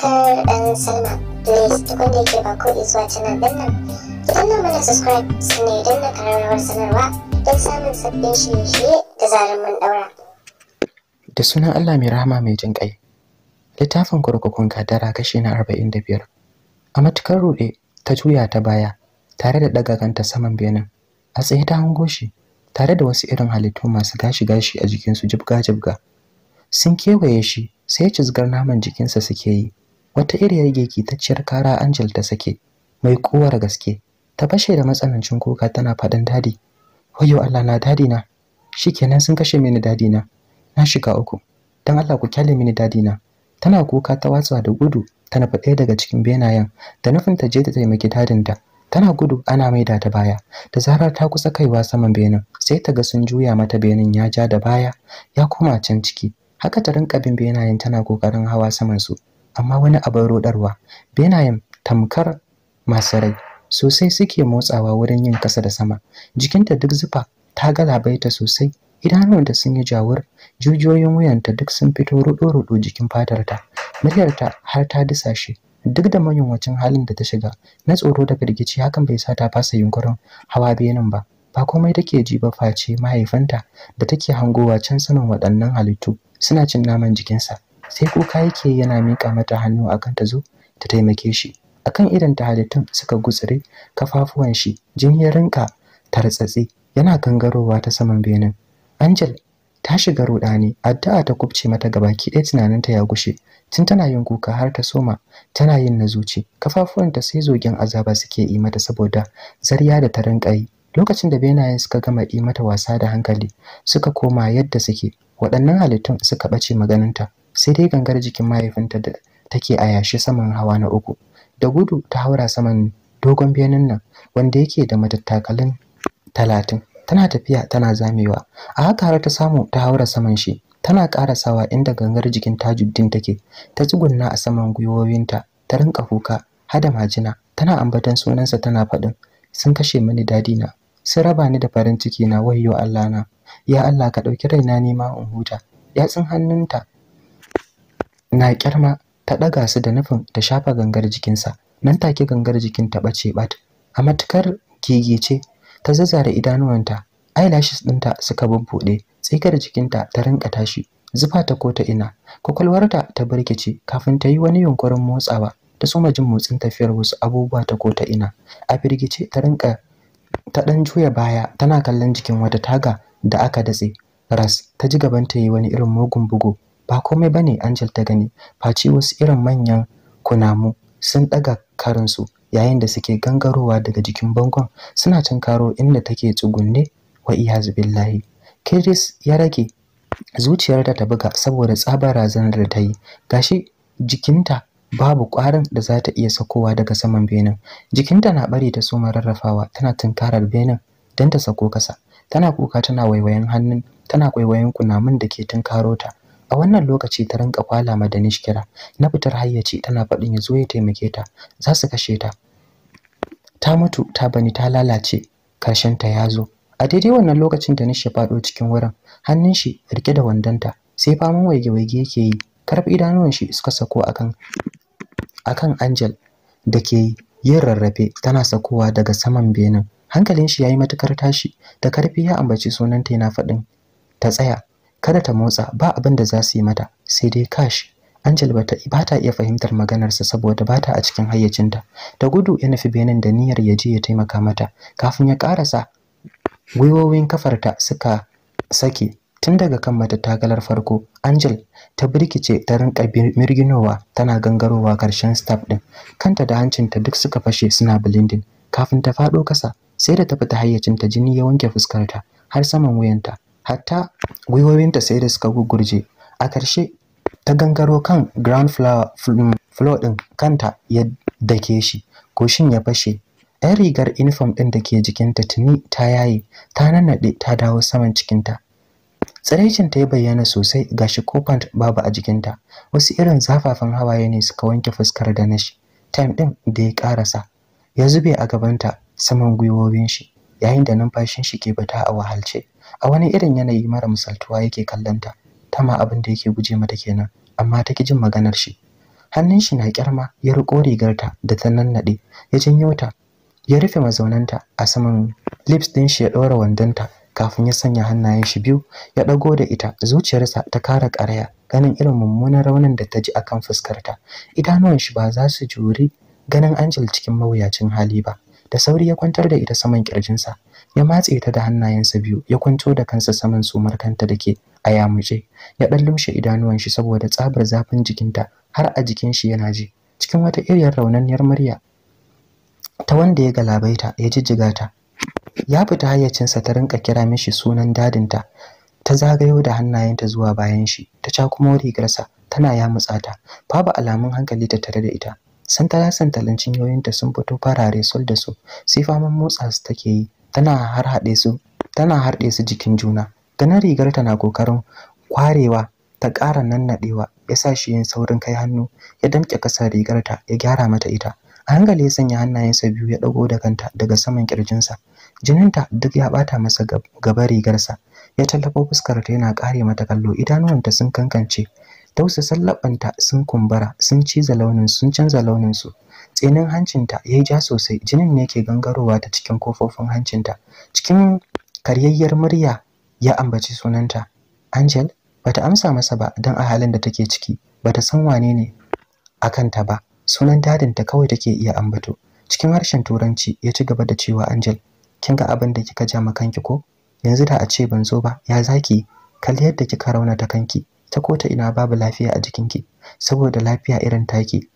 subscribe and sign up. Please tukun da subscribe sanarwa don samun sabbin da zarar mun daura. Da sunan Allah mai rahama mai jin ƙai. Littafin kurkukun kadara kashi na arba'in da biyar. A matukar ruɗe ta juya ta baya tare da ɗaga kanta saman benin. A tsaye ta hango shi tare da wasu irin halittu masu gashi-gashi a jikinsu jibga-jibga. Sun kewaye shi sai cizgar naman jikinsa suke yi wata iriyar gegitacciyar kara Angel ta sake mai kowar gaske ta fashe da matsanancin kuka tana faɗin dadi wayo Allah na dadi na shikenan sun kashe mini dadi na na shiga uku dan Allah ku kyale mini dadi na tana kuka ta watsa da gudu tana faɗe daga cikin benayen da nufin ta je ta taimaki dadin ta tana gudu ana mai da ta baya da zarar ta kusa kaiwa saman benin sai ta ga sun juya mata benin ya ja da baya ya koma can ciki haka ta rinka bin benayen tana kokarin hawa saman su amma wani abin rodarwa benayen tamkar masu rai sosai suke motsawa wurin yin kasa da sama jikinta duk zufa ta galabaita sosai da sun yi jawur jijiyoyin wuyanta duk sun fito ruɗo-ruɗo jikin fatarta muryarta har ta disa shi. duk da mayunwacin halin da ta shiga na tsoro da firgici hakan bai sa ta fasa yunkurin hawa benin ba ba komai take ji ba face mahaifinta da take hangowa can saman waɗannan halittu suna cin naman jikinsa sai kuka yake yana mika mata hannu akan ta zo ta taimake shi akan idan ta halittun suka gutsire kafafuwan shi jini ya rinka tartsatse yana gangarowa ta saman benin angel ta shiga rudani addu'a ta kubce mata gabaki ɗaya ta ya gushe tun tana yin kuka har ta soma tana yin na zuci kafafuwanta sai zogin azaba suke yi mata saboda zarya da ta rinka yi lokacin da benayen suka gama yi mata wasa da hankali suka koma yadda suke waɗannan halittun suka ɓace maganinta sai dai gangar jikin mahaifinta da take a yashi saman hawa na uku da gudu ta haura saman dogon benin nan wanda yake da matattakalin talatin tana tafiya tana zamewa a haka har ta samu ta haura saman shi tana karasawa inda gangar jikin tajuddin take ta tsugunna a saman gwiwowinta ta rinka kuka hada majina tana ambaton sunansa tana faɗin sun kashe mani dadi na sun raba ni da farin ciki na wayyo Allah na ya Allah ka ɗauki raina nima in huta yatsun hannunta na kyarma ta ɗaga su da nufin ta shafa gangar jikinsa nan take gangar jikin ta bace bat. a matukar gegece ta zazzare idanuwanta eyelashes ɗinta suka bubbuɗe tsikar jikinta ta rinka tashi zufa ta ko ina kwakwalwarta ta birkice kafin ta yi wani yunkurin motsawa ta soma jin motsin tafiyar wasu abubuwa ta kota ina a firgice ta rinka ta ɗan juya baya tana kallon jikin wata taga da aka datse ras ta ji gaban ta yi wani irin mugun bugu ba komai bane Angel ta gani face wasu irin manyan kunamu sun ɗaga karinsu yayin da suke gangarowa daga jikin bangon suna karo inda take tsugunne wa iyazu billahi Kiris ya rage zuciyar ta buga saboda tsabar razanar da ta yi gashi jikinta babu ƙwarin da za ta iya sakowa daga saman benin jikinta na bari ta soma rarrafawa tana tunkarar benin don ta sako kasa tana kuka tana waiwayen hannun tana kwaiwayen kunamun da ke tunkaro ta a wannan lokaci ta rinka kwala ma Danish kira na fitar hayyaci tana faɗin ya zo ya taimake ta za su kashe ta ta mutu ta bani ta lalace karshen ta ya zo a daidai wannan lokacin Danish ya faɗo cikin wurin hannun shi rike da wandanta sai faman waige-waige yake yi karfi idanuwan shi suka sako akan akan Angel da ke yin rarrafe tana sakowa daga saman benin hankalin shi yayi matukar tashi da karfi ya ambaci sunanta yana faɗin ta tsaya kada ta motsa ba abin da za su yi mata sai dai kash Angel bata ba ta iya fahimtar maganarsa saboda ba ta a cikin hayyacinta ta gudu ya nufi benin da niyyar ya je ya taimaka mata kafin ya karasa gwiwowin kafarta suka sake tun daga kan matattakalar farko Angel ta birkice ta rinka mirginowa tana gangarowa karshen staff din kanta da hancinta duk suka fashe suna blending kafin ta faɗo kasa sai da ta fita hayyacinta jini ya wanke fuskarta har saman wuyanta hatta gwiwowinta sai da suka gugurje a ƙarshe ta gangaro kan ground floor mm, ɗin kanta ya dake shi ko shin ya fashe yan rigar uniform ɗin da ke jikinta tuni ta yaye ta nannaɗe ta dawo saman cikinta ta ya bayyana sosai gashi ko pant babu a jikinta wasu irin zafafan hawaye ne suka wanke fuskar da na shi, time ɗin da ya ƙarasa ya zube a gabanta saman gwiwowin shi yayin da numfashin shi ke bata a wahalce a wani irin yanayi mara misaltuwa yake ta ma abin da yake guje mata kenan amma ta ki jin maganar shi hannun shi na kyarma ya riko rigarta da ta nannade ya janyo ta ya rufe mazaunanta a saman lips din shi ya ɗora wandonta kafin ya sanya hannayen shi biyu ya ɗago da ita zuciyarsa ta kara karaya ganin irin mummunan raunin da ta ji akan fuskarta idanuwan shi ba za su jure ganin Angel cikin mawuyacin hali ba da sauri ya kwantar da ita saman kirjinsa ya matse ta da hannayensa biyu ya kwanto da kansa saman sumar kanta da ke a yamuce ya ɗan lumshe idanuwan shi saboda tsabar zafin jikinta har a jikin shi yana ji cikin wata iriyar yar murya ta wanda ya galabaita ya jijjiga ta ya fita hayyacinsa ta rinka kira mishi sunan dadinta ta zagayo da hannayenta zuwa bayan shi ta kuma rigarsa tana yamutsa ta babu alamun hankali ta tare da ita santala santalin cinyoyinta sun fito farare sol da su sai faman motsa su take yi tana harhaɗe su tana harɗe su jikin juna ganin rigar ta na kokarin kwarewa ta ƙara nannaɗewa ya sa shi yin saurin kai hannu ya damƙe ƙasar rigarta, ya gyara mata ita a hankali ya sanya hannayensa biyu ya ɗago da kanta daga saman ƙirjinsa jininta duk ya ɓata masa gaba rigarsa ya tallafo fuskarta yana ƙare mata kallo idanuwanta sun kankance tausa laɓanta sun kumbura sun ciza launin sun canza launinsu tsinin hancinta ya ja sosai jinin ne ke gangarowa ta cikin kofofin hancinta cikin karyayyar murya ya ambaci sunanta angel bata amsa masa ba don a halin da take ciki bata san wane ne a kanta ba sunan dadinta kawai take iya ambato cikin harshen turanci ya ci gaba da cewa angel kin ga abin da kika ja ma kanki ko yanzu da a ce ban zo ba ya zaki kalli yadda kika raunata kanki ta ko ta ina babu lafiya a jikinki saboda lafiya irin taki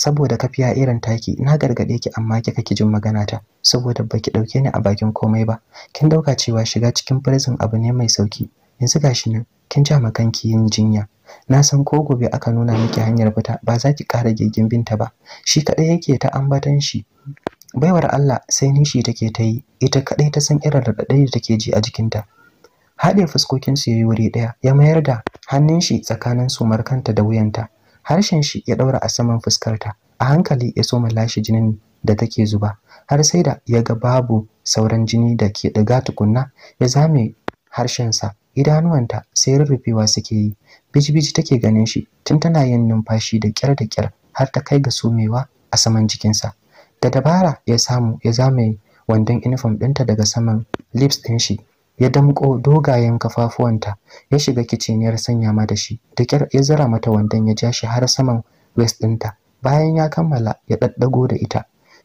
saboda kafiya irin taki na gargade ki amma ki kake jin magana ta saboda baki ɗauke ni a bakin komai ba kin ɗauka cewa shiga cikin prison abu ne mai sauki yanzu gashi ne, kin ja makanki yin jinya na san ko gobe aka nuna miki hanyar fita ba za ki ƙara gigin binta ba shi kadai yake ta ambatan shi baiwar Allah sai nishi take ta yi ita kadai ta san irin radadai da take ji a jikinta haɗe fuskokinsu ya yi wuri ɗaya ya mayar da hannun shi tsakanin markanta da wuyanta harshen shi ya daura a saman fuskarta a hankali ya soma lashe jinin da take zuba har sai da ya ga babu sauran jini da ke ɗiga tukunna ya zame harshensa idanuwanta sai rurrufewa suke yi bijibiji take ganin shi tun tana yin numfashi da kyar da kyar har ta kai ga somewa a saman jikinsa da dabara ya samu ya zame wandon uniform ɗinta daga saman lips ɗin shi ya damƙo dogayen kafafuwanta ya shiga kicin ya sanya da shi da kyar ya zara mata wandon ya ja shi har saman West ɗinta bayan ya kammala ya ɗaɗɗago da ita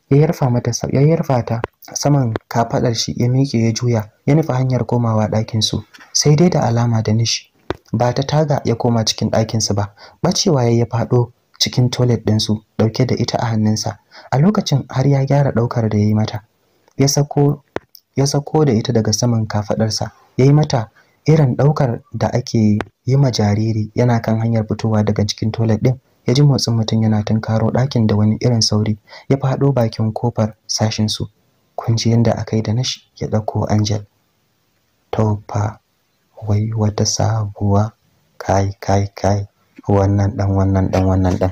ya yarfa mata ya yarfa ta saman kafaɗar shi ya miƙe ya juya ya nufi hanyar komawa ɗakin su sai dai da alama da nishi ba ta taga ya koma cikin ɗakin su ba bacewa ya ya faɗo cikin toilet ɗin su ɗauke da ita a hannunsa a lokacin har ya gyara ɗaukar da ya yi mata ya sako ya sako da ita daga saman kafadarsa yayi mata irin daukar da ake yi ma jariri yana kan hanyar fitowa daga cikin toilet din ya ji motsin mutum yana tunkaro ɗakin da wani irin sauri ya faɗo bakin kofar sashin su kun ji yadda aka yi da nashi ya ɗauko angel taufa wai wata sabuwa kai kai kai wannan dan wannan dan wannan dan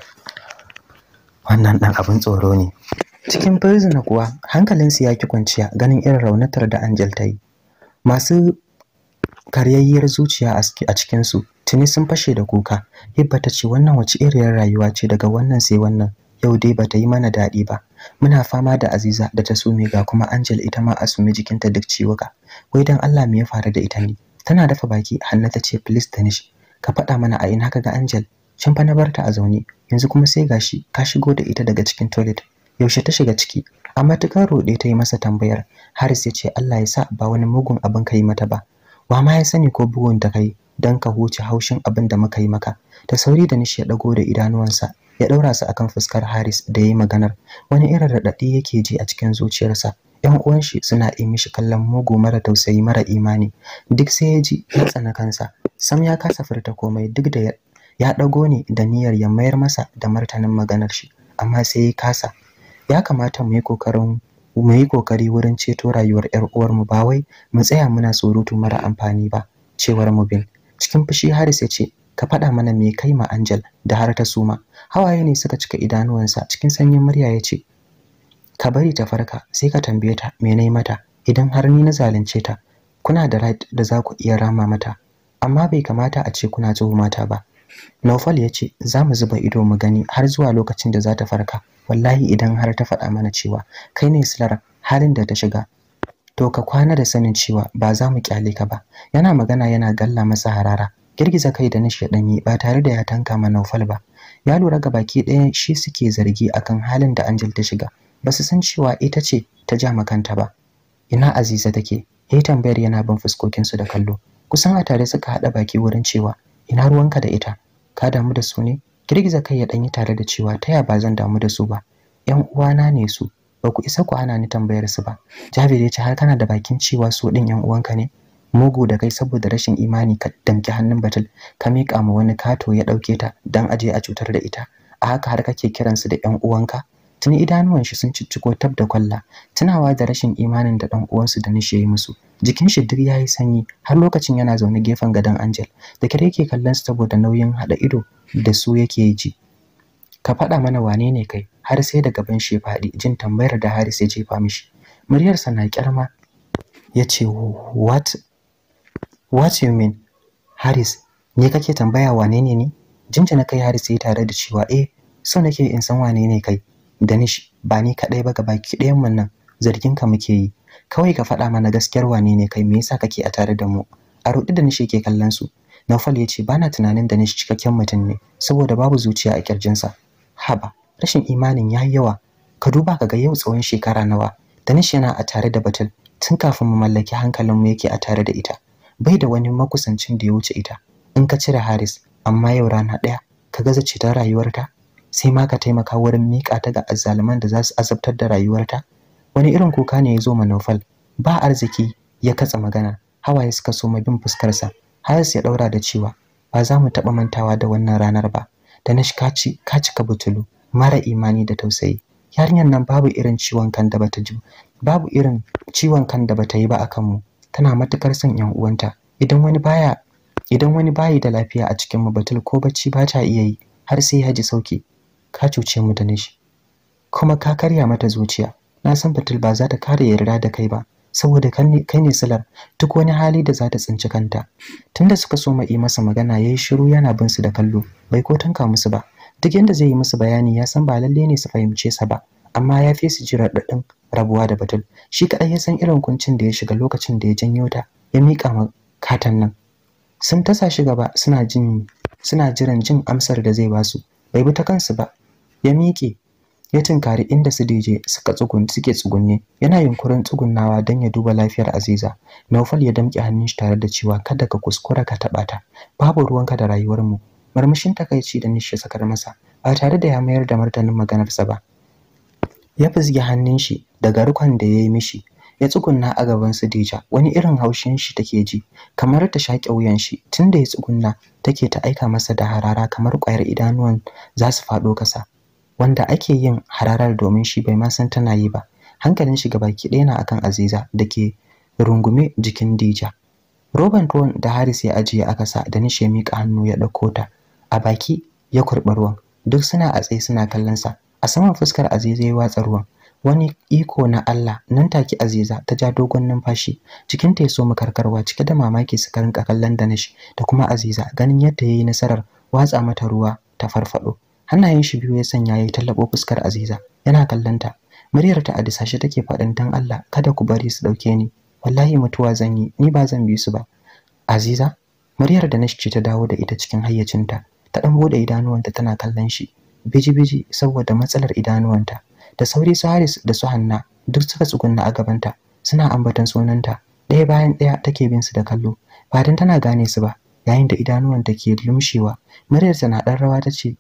wannan dan abin tsoro ne cikin prison kuwa hankalinsu ya ki kwanciya ganin irin raunatar da Angel ta yi masu karyayyiyar zuciya a cikinsu tuni sun fashe da kuka hibba ta ce wannan wace iriyar rayuwa ce daga wannan sai wannan yau dai ba ta yi mana daɗi ba muna fama da aziza da ta sume ga kuma angel ita ma a sume jikinta duk ciwuka wai don allah me ya faru da ita ne tana dafa baki hanna ta ce please tanish ka faɗa mana a ina ka ga angel shin fa na barta a zaune yanzu kuma sai gashi ka shigo da ita daga cikin toilet yaushe ta shiga ciki amma ta karo ɗaya ta yi masa tambayar haris ya ce allah ya sa ba wani mugun abin ka yi mata ba wa ma ya sani ko bugun ta kai don ka huce haushin abin da muka yi maka Ta sauri da nishi ya ɗago da idanuwansa ya ɗaura su akan fuskar haris da ya yi maganar wani irin raɗaɗi yake ji a cikin zuciyarsa yan uwan shi suna yi mishi kallon mugu mara tausayi mara imani duk sai ya ji ya tsana kansa sam ya kasa furta komai duk da ya ɗago ne da niyyar ya mayar masa da martanin maganar shi amma sai ya kasa ya kamata mu yi kokarin mu yi kokari wurin ceto rayuwar ƴar uwarmu ba wai mu tsaya muna surutu mara amfani ba cewar mu mubin cikin fushi Haris ya ce ka faɗa mana me kai ma Angel da har ta suma hawaye ne suka cika idanuwansa cikin sanyin murya ya ce ka bari ta farka sai ka tambaye ta me nayi mata idan har ni na zalunce ta kuna da right da za ku iya rama mata amma bai kamata a ce kuna tuhuma mata ba Naufal ya ce za mu zuba ido mu gani har zuwa lokacin da za ta farka wallahi idan har ta faɗa mana cewa kai ne silar halin da ta shiga to ka kwana da sanin cewa ba za mu kyale ka ba yana magana yana galla masa harara girgiza kai da nishe danyi ba tare da ya tanka ma Naufal ba ya lura ga baki ɗaya shi suke zargi akan halin da Angel ta shiga ba su san cewa ita ce ta ja makanta ba ina Aziza take ya tambayar yana bin fuskokinsu da kallo kusan a tare suka haɗa baki wurin cewa ina ruwanka da ita ka damu da su ne girgiza kai ya danyi tare da cewa taya ba zan damu da su ba yan uwana ne su ba ku isa ku ana ni tambayar su ba jabir ya ce har kana da bakin cewa su din yan uwanka ne mugu da kai saboda rashin imani ka damki hannun batul ka miƙa ma wani kato ya ɗauke ta don aje a cutar da ita a haka har kake kiransu da yan uwanka tuni idanuwan shi sun cicciko tab da kwalla tunawa da rashin imanin da dan uwansu da nishe yi musu jikin shi duk yayi sanyi har lokacin yana zaune gefen gadon Angel da kare yake kallon su saboda nauyin hada ido da su yake ji ka faɗa mana wane ne kai har sai da gaban shi faɗi jin tambayar da Haris ya jefa mishi muryarsa na kyarma yace ce what what you mean Haris ne kake tambaya wane ne ni jinjina kai Haris ya tare da cewa eh so nake in san wane ne kai danish ba ni kaɗai ba gabaki ɗayan mu nan zargin ka muke yi kawai ka faɗa mana gaskiyar wane ne kai me yasa kake a tare da mu a ni shi yake kallon su naufal ya ce ba na tunanin danish cikakken mutum ne saboda babu zuciya a kirjinsa haba rashin imanin ya yi yawa ka duba ka ga yau tsawon shekara nawa danish yana a tare da batul tun kafin mu mallaki hankalinmu yake a tare da ita bai da wani makusancin da ya wuce ita in ka cire haris amma yau rana ɗaya ka gaza ceton rayuwarta sai ma ka taimaka wurin miƙa ta ga azzaluman da za su azabtar da rayuwarta wani irin kuka ne ya zo ma Nufal? ba arziki ya katsa magana hawaye suka so ma bin fuskarsa Haris ya daura da cewa ba za mu taɓa mantawa da wannan ranar ba da na kaci ka cika butulu mara imani da tausayi yarinyar nan babu irin ciwon kan da bata ji babu irin ciwon kan da bata yi ba akan mu tana matukar son yan uwanta idan wani baya idan wani bayi da lafiya a cikin mu batul ko bacci ba ta iya yi har sai ya ji sauki ka cuce mu da nishi kuma ka karya mata zuciya na san batul ba za ta kare yarda da kai ba saboda kai ne silar duk wani hali da za ta tsinci kanta tunda suka so yi masa magana yayi shiru yana bin su da kallo bai ko tanka musu ba duk yanda zai yi musu bayani ya san ba lalle ne su fahimce sa ba amma ya fi su ji raɗaɗin rabuwa da batul shi kaɗai ya san irin kuncin da ya shiga lokacin da ya janyo ta ya miƙa ma katan nan sun tasa shi gaba suna jin suna jiran jin amsar da zai basu bai bi ta kansu ba ya miƙe ya tinkari inda su suka tsugun suke tsugunne yana yunkurin tsugunnawa don ya duba lafiyar Aziza Naufal ya damƙe hannun shi tare da cewa kada ka kuskura ka taɓa ta babu ruwanka da rayuwar mu marmishin takaici da nishi sakar masa ba tare da ya mayar da martanin maganarsa ba ya fizge hannun shi daga rukun da ya yi mishi ya tsugunna a gaban su deja wani irin haushin shi take ji kamar ta shaƙe wuyan shi tunda ya tsugunna take ta aika masa da harara kamar ƙwayar idanuwan za su faɗo kasa wanda ake yin hararar domin shi bai ma san tana yi ba hankalin shi gaba ɗaya na akan aziza da ke rungume jikin dija roban ruwan da haris ya ajiye a ƙasa da nishe ya miƙa hannu ya ɗauko ta a baki ya kurɓi ruwan duk suna a tsaye suna kallon sa a saman fuskar aziza ya watsa ruwan wani iko na Allah nan take Aziza ta ja dogon numfashi cikin ta yaso makarkarwa cike da mamaki suka rinka kallon da nishi da kuma Aziza ganin yadda yayi nasarar watsa mata ruwa ta farfado hannayen shi biyu ya sanya ya tallabo fuskar aziza yana kallonta muryar ta a disashe take faɗin dan Allah kada ku bari su dauke ni wallahi mutuwa zan yi ni ba zan bi su ba aziza muryar da nashi ta dawo da ita cikin hayyacinta ta dan bude idanuwanta tana kallon shi biji-biji saboda matsalar idanuwanta da sauri su Haris da su Hanna duk suka tsugunna a gabanta suna ambaton sunanta ɗaya bayan ɗaya take bin su da kallo fatan tana gane su ba yayin da idanuwanta ke lumshewa muryarta na dan rawa tace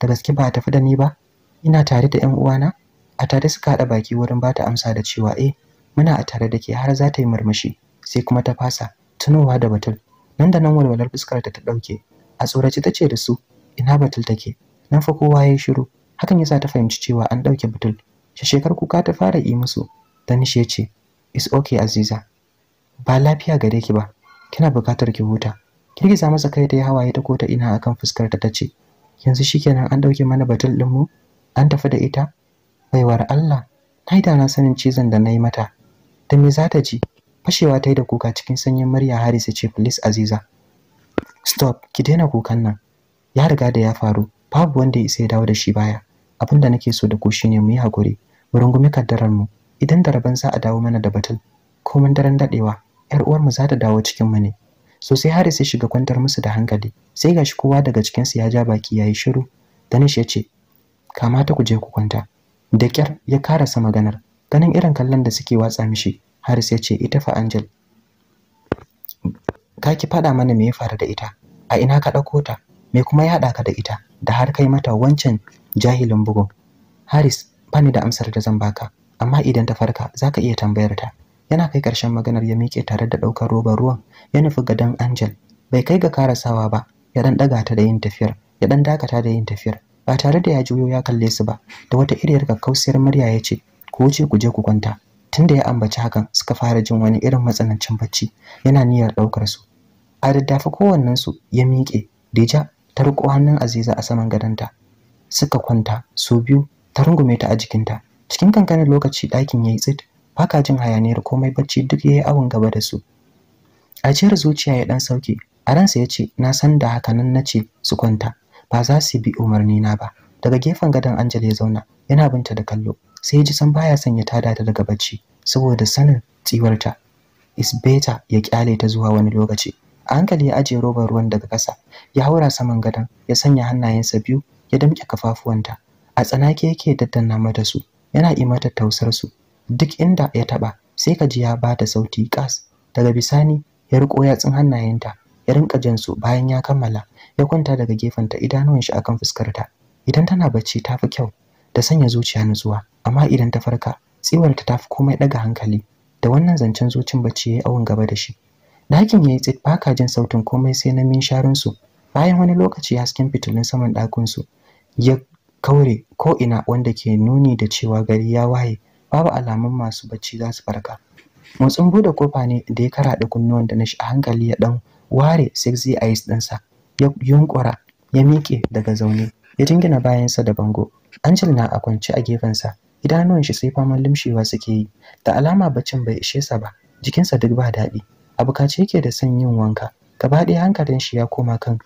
da gaske ba a tafi da ni ba ina tare da 'yan uwana a tare suka haɗa baki wurin ba ta amsa da cewa eh muna a tare da ke har za ta yi murmushi sai kuma ta fasa tunowa da batul nan da nan walwalar fuskar ta ta ɗauke a tsoraci ta ce da su ina batul take nan fa kowa ya yi shiru hakan yasa ta fahimci cewa an ɗauke batul shekar kuka ta fara yi musu danish ya ce is okay aziza ba lafiya gare ki ba kina buƙatar ki huta girgiza masa kai ta yi hawaye ta kota ina akan fuskar ta tace yanzu shi shikenan an dauke mana batul din mu an tafi da ita baiwar Allah na da na sanin cizon da na yi mata da me za ta ji fashewa ta yi da kuka cikin sanyin murya Harisa ce please Aziza stop ki daina kukan nan ya riga da ya faru babu wanda ya sai ya dawo da shi baya abin da nake so da ku shine mu yi hakuri mu rungumi kaddarar mu idan da rabon za a dawo mana da batul ko mun daren dadewa yar uwar mu za ta dawo cikin mu ne so sai haris ya shiga kwantar musu da hankali sai gashi kowa daga cikin su ya ja baki ya yi shiru danish ya ce kamata ku je ku kwanta da kyar ya karasa maganar ganin irin kallon da suke watsa mishi haris ya ce ita fa angel ka ki faɗa mana me ya faru da ita a ina ka ɗauko ta me kuma ya hada ka da ita da har kai mata wancan jahilin bugun haris bani da amsar da zan baka amma idan ta farka zaka iya tambayar ta yana kai ƙarshen maganar ya miƙe tare da ɗaukar robar ruwan ya nufi gadon angel bai kai ga karasawa ba ya ɗan ɗaga ta da yin tafiyar ya ɗan dakata da yin tafiyar ba tare da ya juyo ya kalle su ba da wata iriyar kakkausiyar murya ya ce ku wuce ku je ku kwanta tunda ya ambaci hakan suka fara jin wani irin matsanancin bacci yana niyyar ɗaukar su a daddafa kowannensu ya miƙe deja ta riƙo hannun aziza a saman gadonta suka kwanta su biyu ta rungume ta a jikinta cikin kankanin lokaci ɗakin ya yi tsit baka jin hayaniyar komai bacci duk yayi awon gaba da su ajiyar zuciya ya dan sauke a ransa ya ce na san da haka nan na ce su kwanta ba za su bi umarni na ba daga gefen gadon Anjala ya zauna yana binta da kallo sai ya ji san baya son ya tada ta daga bacci saboda sanin tsiwarta is better ya kyale ta zuwa wani lokaci a hankali ya ajiye robar ruwan daga ƙasa ya haura saman gadon ya sanya hannayensa biyu ya damƙe kafafuwanta a tsanake yake daddanna mata su yana yi mata tausar su duk inda ya taba sai ka ji ya bata sauti kas daga bisani ya riko yatsun hannayenta ya rinka jin su bayan ya kammala ya kwanta daga gefenta idanuwan shi akan fuskarta idan tana bacci ta fi kyau da sanya zuciya nutsuwa amma idan ta farka tsiwarta ta fi komai daga hankali da wannan zancen zucin bacci ya yi awon gaba da shi dakin ya yi tsit baka jin sautin komai sai na minsharin su bayan wani lokaci hasken fitilun saman ɗakunsu, su ya kaure ko ina wanda ke nuni da cewa gari ya waye babu alamun masu bacci za su farka motsin bude kofa ne da ya karaɗe kunnuwan da nashi a hankali ya ɗan ware sexy eyes ɗinsa ya yunkura ya miƙe daga zaune ya jingina bayansa da bango Angel na a kwance a gefensa idanuwan shi sai faman limshewa suke yi da alama baccin bai ishe sa ba jikinsa duk ba daɗi a bukace yake da son yin wanka gaba ɗaya hankalin shi ya koma kan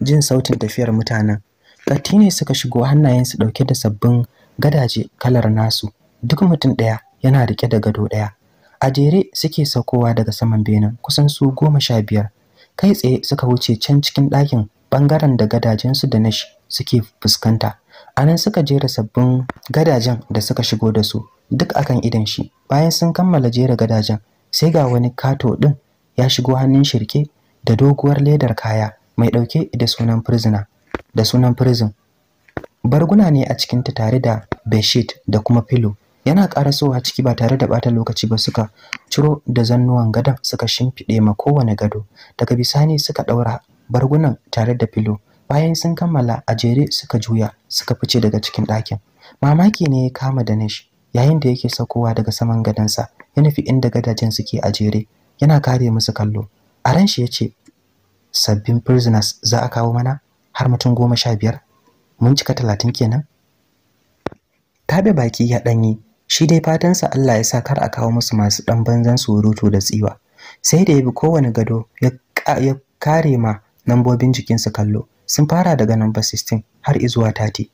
jin sautin tafiyar mutanen Katti ne suka shigo hannayensu ɗauke da sabbin gadaje kalar nasu duk mutum ɗaya yana riƙe da gado ɗaya a jere suke saukowa daga saman benin kusan su goma sha biyar kai tsaye suka wuce can cikin ɗakin ɓangaren da gadajensu da nash suke fuskanta a nan suka jera sabbin gadajen da suka shigo da su duk akan idan shi bayan sun kammala jera gadajen sai ga wani kato ɗin ya shigo hannun shirke da doguwar ledar kaya mai ɗauke da sunan prisoner da sunan prison barguna ne a cikinta tare da bedsheet da kuma pillow yana a ciki ba tare da bata lokaci ba suka ciro da zannuwan gadon suka shimfiɗe ma kowane gado daga bisani suka ɗaura bargunan tare da filo bayan sun kammala a jere suka juya suka fice daga cikin ɗakin mamaki ne ya kama danish yayin da yake saukowa daga saman gadonsa ya nufi inda gadajen suke a jere yana kare musu kallo a ran shi ya ce sabbin prisoners za a kawo mana har mutum goma sha biyar mun cika talatin kenan tabe baki ya ɗanyi shi dai fatansa Allah ya sa kar a kawo musu masu ɗan banzan surutu da tsiwa sai da ya bi kowane gado ya kare ma lambobin jikinsu kallo sun fara daga namba 16 har izuwa 30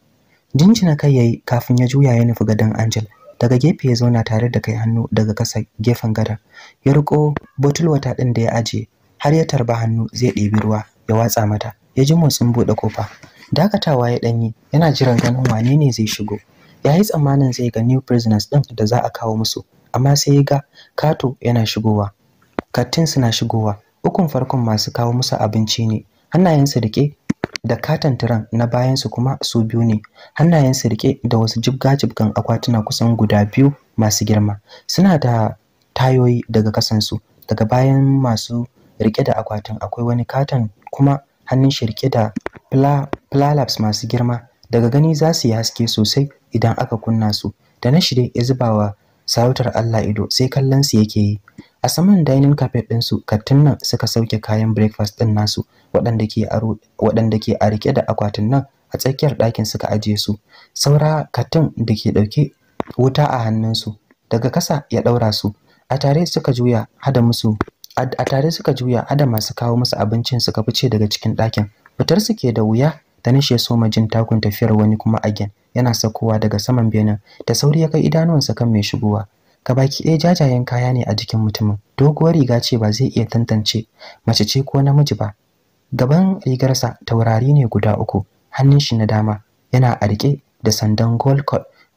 jinjina kai yayi kafin ya juya ya nufi gadon Angel daga gefe ya zauna tare da kai hannu daga kasa gefen gadon ya riko botul wata din da ya aje har ya tarba hannu zai ɗebi ruwa ya watsa mata ya ji motsin buɗe kofa dakatawa ya ɗanyi yana jiran ganin wane ne zai shigo ya yi tsammanin zai ga new prisoners ɗin da za a kawo musu amma sai ya ga kato yana shigowa kattin suna shigowa ukun farkon masu kawo musu abinci ne hannayensu rike da katon tiran na bayansu kuma su biyu ne hannayensu rike da wasu jibga-jibgan akwatuna kusan guda biyu masu girma suna da tayoyi daga kasansu daga bayan masu rike da akwatin akwai wani katon kuma hannun shi rike da flalabs masu girma daga gani za su yi haske sosai idan aka kunna su da na shirye ya zubawa sarautar Allah ido sai kallon su yake yi a saman dining carpet din su kattin nan suka sauke kayan breakfast din nasu waɗanda ke aro waɗanda ke a rike da akwatin nan a tsakiyar ɗakin suka ajiye su saura katin da ke ɗauke wuta a hannun su daga kasa ya ɗaura su a tare suka juya hada musu a tare suka juya hada masu kawo musu abincin suka fice daga cikin ɗakin fitar su ke da wuya ta nishe so majin takun tafiyar wani kuma agen yana saukowa daga saman benin da sauri ya kai idanuwansa kan mai shigowa Ka baki ɗaya jajayen kaya ne a jikin mutumin doguwar riga ce ba zai iya tantance mace ce ko namiji ba gaban rigarsa taurari ne guda uku hannun shi na dama yana a riƙe da sandan gold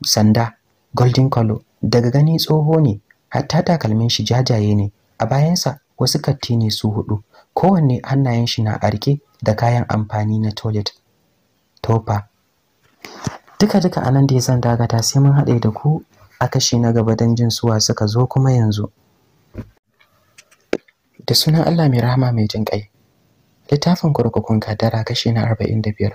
sanda golden color daga gani tsoho ne hatta takalmin shi jajaye ne a bayansa wasu katti ne su hudu kowanne hannayen shi na a riƙe da kayan amfani na toilet topa duka duka a nan da ya san dagata sai mun haɗe da ku a kashi na gaba don jin suwa suka zo kuma yanzu da sunan Allah mai rahama mai jin ƙai littafin kurkukun kadara kashi na 45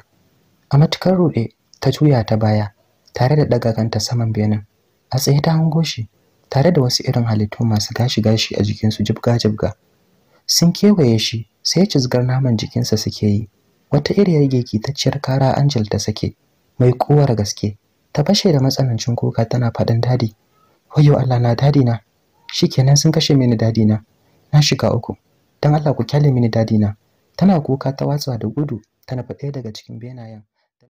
a matukar ruɗe ta juya ta baya tare da daga saman benin a tsaye ta hango shi tare da wasu irin halittu masu gashi-gashi a jikinsu jibga-jibga sun kewaye shi sai cizgar naman jikinsa suke yi wata iriyar kitacciyar kara angel ta sake mai kowar gaske ta fashe da matsanancin kuka tana faɗin dadi wayo Allah na dadi na shikenan sun kashe mini dadi na na shiga uku dan Allah ku kyale mini dadi na tana kuka ta watsa da gudu tana nufi daga cikin benayen